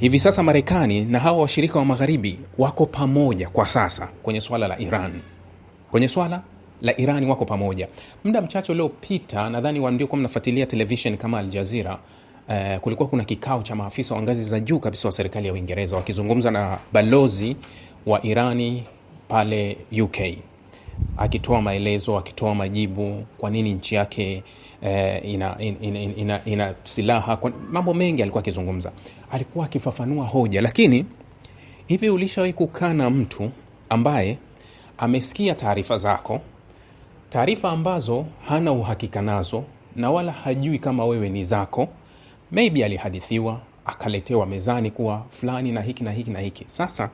Hivi sasa Marekani na hawa washirika wa magharibi wako pamoja kwa sasa kwenye swala la Iran, kwenye swala la Iran wako pamoja. Muda mchache uliopita, nadhani kuwa mnafuatilia televishen kama Aljazira, uh, eh, kulikuwa kuna kikao cha maafisa wa ngazi za juu kabisa wa serikali ya Uingereza wakizungumza na balozi wa Irani pale UK akitoa maelezo, akitoa majibu, kwa nini nchi yake eh, ina, ina, ina, ina, ina silaha kwa, mambo mengi alikuwa akizungumza, alikuwa akifafanua hoja. Lakini hivi, ulishawahi kukaa na mtu ambaye amesikia taarifa zako, taarifa ambazo hana uhakika nazo na wala hajui kama wewe ni zako? Maybe alihadithiwa akaletewa mezani kuwa fulani na hiki na hiki na hiki. Sasa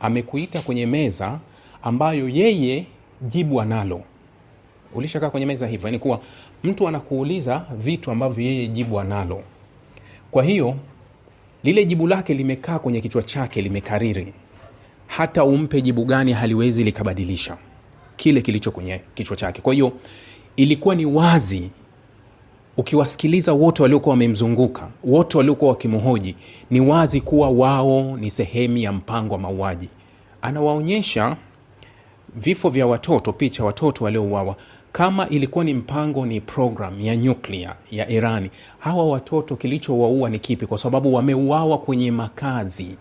amekuita kwenye meza ambayo yeye jibu analo. Ulishakaa kwenye meza hivyo, yani kuwa mtu anakuuliza vitu ambavyo yeye jibu analo. Kwa hiyo lile jibu lake limekaa kwenye kichwa chake, limekariri. Hata umpe jibu gani, haliwezi likabadilisha kile kilicho kwenye kichwa chake. Kwa hiyo ilikuwa ni wazi ukiwasikiliza wote waliokuwa wamemzunguka, wote waliokuwa wakimhoji, ni wazi kuwa wao ni sehemu ya mpango wa mauaji. Anawaonyesha vifo vya watoto, picha watoto waliouawa, kama ilikuwa ni mpango, ni program ya nyuklia ya Irani, hawa watoto kilichowaua ni kipi? Kwa sababu wameuawa kwenye makazi,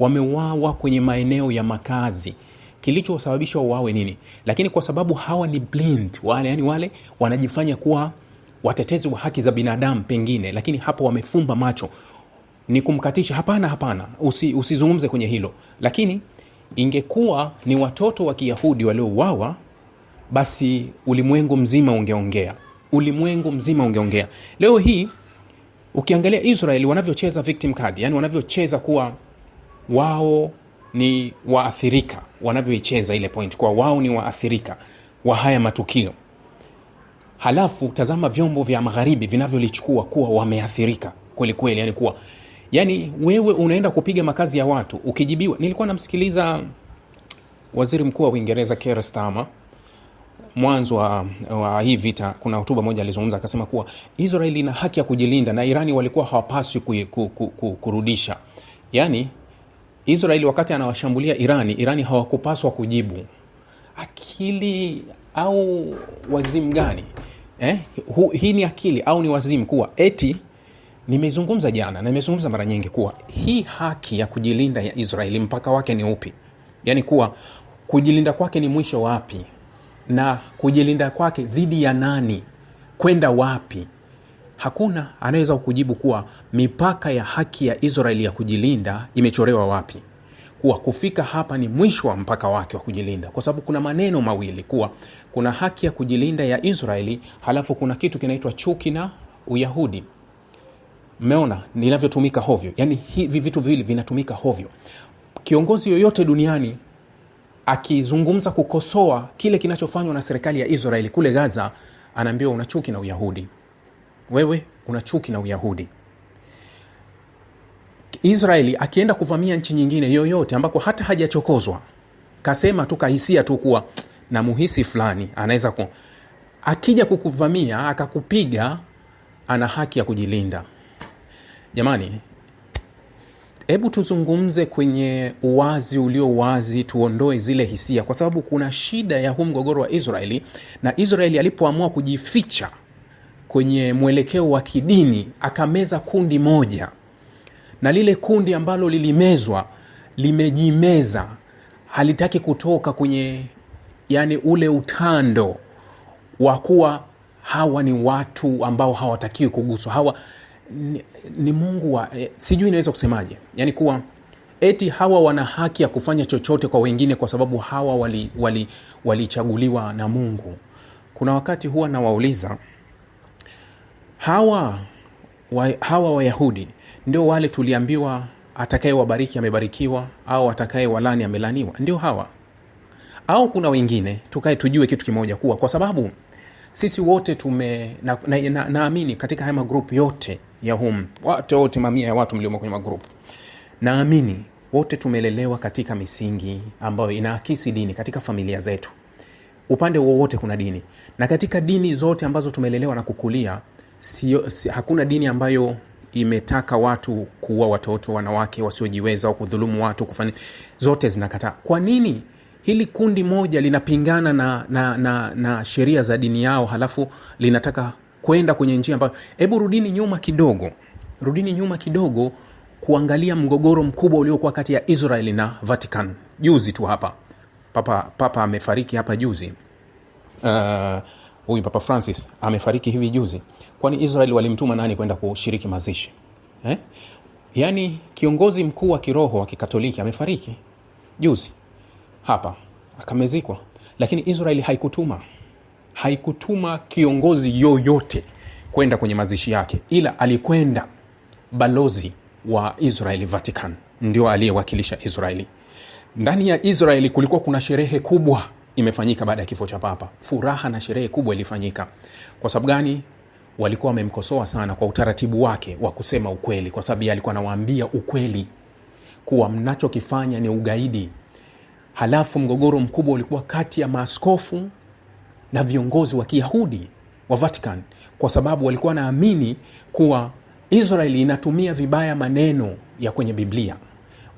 wameuawa kwenye maeneo ya makazi kilichosababisha wawe nini? Lakini kwa sababu hawa ni blind, wale yani wale wanajifanya kuwa watetezi wa haki za binadamu pengine, lakini hapo wamefumba macho, ni kumkatisha. Hapana, hapana, usi, usizungumze kwenye hilo, lakini ingekuwa ni watoto wa Kiyahudi waliouawa, basi ulimwengu mzima ungeongea, ulimwengu mzima ungeongea. Leo hii ukiangalia israel wanavyocheza victim card, yani wanavyocheza kuwa wao ni waathirika, wanavyoicheza ile point kuwa wao ni waathirika wa haya matukio, halafu tazama vyombo vya magharibi vinavyolichukua kuwa wameathirika kwelikweli, yani kuwa yani wewe unaenda kupiga makazi ya watu ukijibiwa. Nilikuwa namsikiliza waziri mkuu wa Uingereza kerestama mwanzo wa, wa hii vita, kuna hotuba moja alizungumza akasema kuwa Israeli ina haki ya kujilinda na Irani walikuwa hawapaswi ku, ku, ku, ku, kurudisha. yani israel wakati anawashambulia Irani, Irani hawakupaswa kujibu. Akili au wazimu gani eh? Hii ni akili au ni wazimu kuwa eti Nimezungumza jana na nimezungumza mara nyingi kuwa hii haki ya kujilinda ya Israeli mpaka wake ni upi, yaani kuwa kujilinda kwake ni mwisho wapi na kujilinda kwake dhidi ya nani, kwenda wapi? Hakuna anaweza kujibu kuwa mipaka ya haki ya Israeli ya kujilinda imechorewa wapi, kuwa kufika hapa ni mwisho wa mpaka wake wa kujilinda, kwa sababu kuna maneno mawili, kuwa kuna haki ya kujilinda ya Israeli halafu kuna kitu kinaitwa chuki na Uyahudi. Mmeona ninavyotumika hovyo? yani hivi vitu viwili vinatumika hovyo. Kiongozi yoyote duniani akizungumza kukosoa kile kinachofanywa na serikali ya Israeli kule Gaza, anaambiwa una chuki na Uyahudi, wewe una chuki na Uyahudi. Israeli akienda kuvamia nchi nyingine yoyote ambako hata hajachokozwa, kasema tu kahisia tu kuwa na muhisi fulani anaweza ku, akija kukuvamia akakupiga, ana haki ya kujilinda jamani hebu tuzungumze kwenye uwazi ulio wazi tuondoe zile hisia kwa sababu kuna shida ya huu mgogoro wa israeli na israeli alipoamua kujificha kwenye mwelekeo wa kidini akameza kundi moja na lile kundi ambalo lilimezwa limejimeza halitaki kutoka kwenye yani ule utando wa kuwa hawa ni watu ambao hawatakiwi kuguswa hawa ni, ni Mungu wa eh, sijui inaweza kusemaje, yaani kuwa eti hawa wana haki ya kufanya chochote kwa wengine kwa sababu hawa walichaguliwa wali, wali na Mungu. Kuna wakati huwa nawauliza hawa wa, hawa Wayahudi ndio wale tuliambiwa atakayewabariki amebarikiwa au atakaye walani amelaniwa, ndio hawa au kuna wengine? Tukae tujue kitu kimoja kuwa kwa sababu sisi wote tume naamini na, na, na katika haya magrupu yote ya hum, watu wote, mamia ya watu mliomo kwenye magrupu, naamini wote tumelelewa katika misingi ambayo inaakisi dini katika familia zetu. Upande wowote kuna dini, na katika dini zote ambazo tumelelewa na kukulia sio, si, hakuna dini ambayo imetaka watu kuua watoto, wanawake wasiojiweza au kudhulumu watu kufani, zote zinakataa. Kwa nini hili kundi moja linapingana na, na, na, na sheria za dini yao halafu linataka kwenda kwenye njia ambayo, hebu rudini nyuma kidogo, rudini nyuma kidogo kuangalia mgogoro mkubwa uliokuwa kati ya Israeli na Vatican juzi tu hapa. Papa papa amefariki hapa juzi uh, huyu uh, Papa Francis amefariki hivi juzi. Kwani israel walimtuma nani kwenda kushiriki mazishi eh? Yaani kiongozi mkuu wa kiroho wa kikatoliki amefariki juzi hapa akamezikwa, lakini Israeli haikutuma haikutuma kiongozi yoyote kwenda kwenye mazishi yake, ila alikwenda balozi wa Israeli Vatican, ndio aliyewakilisha Israeli ndani ya Israeli. Kulikuwa kuna sherehe kubwa imefanyika baada ya kifo cha Papa. Furaha na sherehe kubwa ilifanyika. Kwa sababu gani? Walikuwa wamemkosoa sana kwa utaratibu wake wa kusema ukweli, kwa sababu alikuwa anawaambia ukweli kuwa mnachokifanya ni ugaidi. Halafu mgogoro mkubwa ulikuwa kati ya maaskofu na viongozi wa Kiyahudi wa Vatican kwa sababu walikuwa wanaamini kuwa Israeli inatumia vibaya maneno ya kwenye Biblia.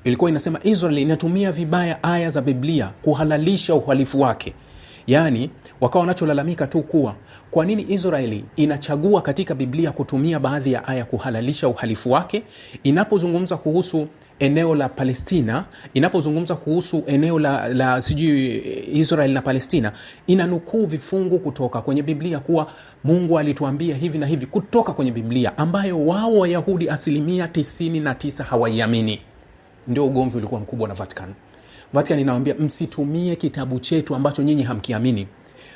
Ilikuwa inasema Israeli inatumia vibaya aya za Biblia kuhalalisha uhalifu wake. Yaani wakawa wanacholalamika tu kuwa kwa nini Israeli inachagua katika Biblia kutumia baadhi ya aya kuhalalisha uhalifu wake inapozungumza kuhusu eneo la Palestina, inapozungumza kuhusu eneo la, la sijui Israel na Palestina inanukuu vifungu kutoka kwenye Biblia kuwa Mungu alituambia hivi na hivi kutoka kwenye Biblia ambayo wao Wayahudi asilimia 99 hawaiamini. Ndio ugomvi ulikuwa mkubwa na Vatican. Vatican inawambia msitumie kitabu chetu ambacho nyinyi hamkiamini,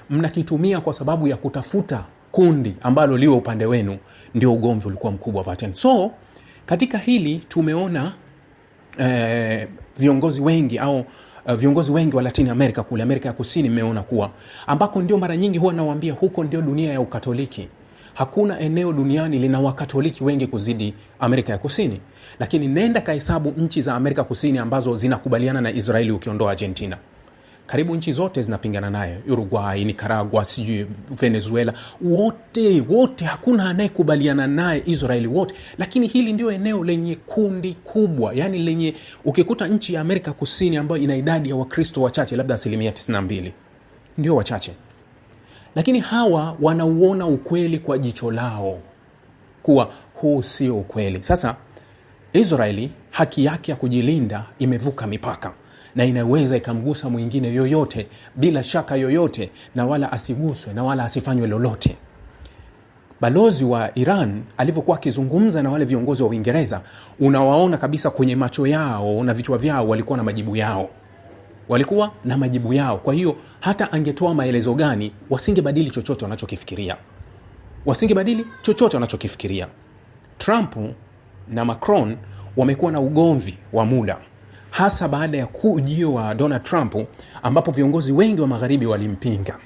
mnakitumia kwa sababu ya kutafuta kundi ambalo liwe upande wenu. Ndio ugomvi ulikuwa mkubwa Vatican. So katika hili tumeona eh, viongozi wengi au Uh, viongozi wengi wa Latin America kule Amerika ya Kusini mmeona kuwa ambako ndio mara nyingi huwa nawaambia huko ndio dunia ya Ukatoliki hakuna eneo duniani lina wakatoliki wengi kuzidi Amerika ya Kusini, lakini nenda kahesabu nchi za Amerika Kusini ambazo zinakubaliana na Israeli ukiondoa Argentina karibu nchi zote zinapingana naye, Uruguay, Nicaragua, sijui Venezuela, wote wote, hakuna anayekubaliana naye Israeli, wote. Lakini hili ndio eneo lenye kundi kubwa, yani lenye, ukikuta nchi ya Amerika Kusini ambayo ina idadi ya Wakristo wachache, labda asilimia 92, ndio wachache lakini hawa wanauona ukweli kwa jicho lao kuwa huu sio ukweli. Sasa Israeli haki yake ya kujilinda imevuka mipaka na inaweza ikamgusa mwingine yoyote bila shaka yoyote, na wala asiguswe na wala asifanywe lolote. Balozi wa Iran alivyokuwa akizungumza na wale viongozi wa Uingereza, unawaona kabisa kwenye macho yao na vichwa vyao, walikuwa na majibu yao walikuwa na majibu yao. Kwa hiyo hata angetoa maelezo gani, wasingebadili chochote wanachokifikiria, wasingebadili chochote wanachokifikiria. Trump na Macron wamekuwa na ugomvi wa muda hasa baada ya ujio wa Donald Trump ambapo viongozi wengi wa magharibi walimpinga.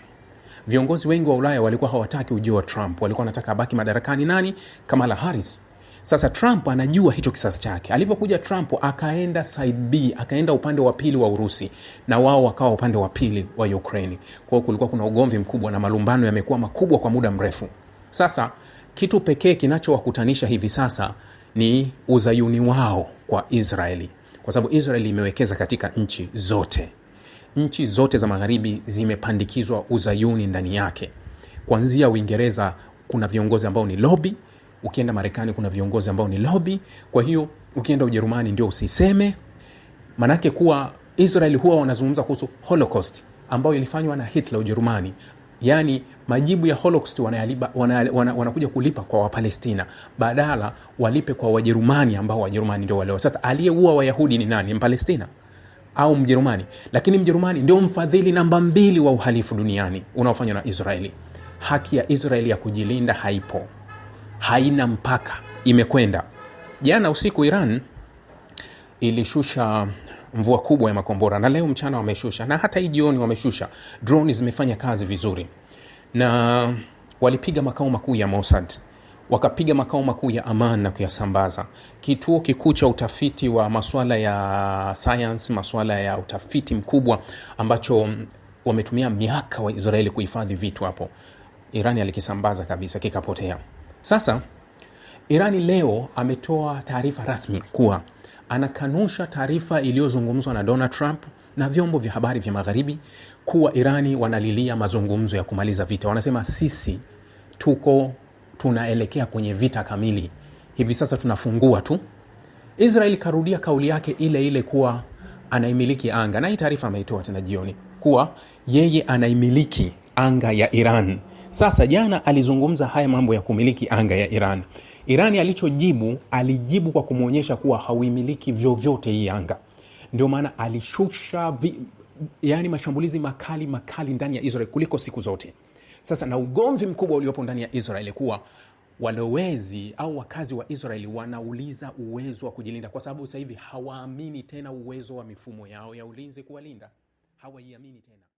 Viongozi wengi wa Ulaya walikuwa hawataki ujio wa Trump, walikuwa wanataka abaki madarakani nani? Kamala Harris. Sasa Trump anajua hicho kisasi chake. Alivyokuja Trump akaenda side B, akaenda upande wa pili wa Urusi na wao wakawa upande wa pili wa Ukraini. kwao kulikuwa kuna ugomvi mkubwa na malumbano yamekuwa makubwa kwa muda mrefu. Sasa kitu pekee kinachowakutanisha hivi sasa ni uzayuni wao kwa Israeli, kwa sababu Israeli imewekeza katika nchi zote. Nchi zote za magharibi zimepandikizwa uzayuni ndani yake, kwanzia Uingereza. Kuna viongozi ambao ni lobby ukienda Marekani kuna viongozi ambao ni lobby. Kwa hiyo ukienda Ujerumani ndio usiseme, manake kuwa Israel huwa wanazungumza kuhusu Holocaust ambayo ilifanywa na Hitler Ujerumani. Yaani majibu ya Holocaust wanakuja wana, wana, wana, wana kulipa kwa Wapalestina badala walipe kwa Wajerumani ambao Wajerumani ndio walewa. Sasa aliyeua Wayahudi ni nani? Mpalestina au Mjerumani? Lakini Mjerumani ndio mfadhili namba mbili wa uhalifu duniani unaofanywa na Israeli. Haki ya Israeli ya kujilinda haipo haina mpaka imekwenda jana usiku iran ilishusha mvua kubwa ya makombora na leo mchana wameshusha na hata hii jioni wameshusha drone zimefanya kazi vizuri na walipiga makao makuu ya mossad wakapiga makao makuu ya Aman na kuyasambaza. Kituo kikuu cha utafiti wa maswala ya sayansi, maswala ya utafiti mkubwa ambacho wametumia miaka israeli kuhifadhi vitu hapo, Irani alikisambaza kabisa, kikapotea. Sasa Irani leo ametoa taarifa rasmi kuwa anakanusha taarifa iliyozungumzwa na Donald Trump na vyombo vya habari vya magharibi kuwa Irani wanalilia mazungumzo ya kumaliza vita. Wanasema sisi tuko tunaelekea kwenye vita kamili, hivi sasa tunafungua tu. Israel karudia kauli yake ile ile kuwa anaimiliki anga, na hii taarifa ameitoa tena jioni kuwa yeye anaimiliki anga ya Iran. Sasa jana alizungumza haya mambo ya kumiliki anga ya Iran. Irani alichojibu, alijibu kwa kumwonyesha kuwa hauimiliki vyovyote hii anga. Ndio maana alishusha vi, yani mashambulizi makali makali ndani ya Israel kuliko siku zote. Sasa na ugomvi mkubwa uliopo ndani ya Israel kuwa walowezi au wakazi wa Israeli wanauliza uwezo wa kujilinda, kwa sababu sasa hivi hawaamini tena uwezo wa mifumo yao ya ulinzi kuwalinda, hawaiamini tena.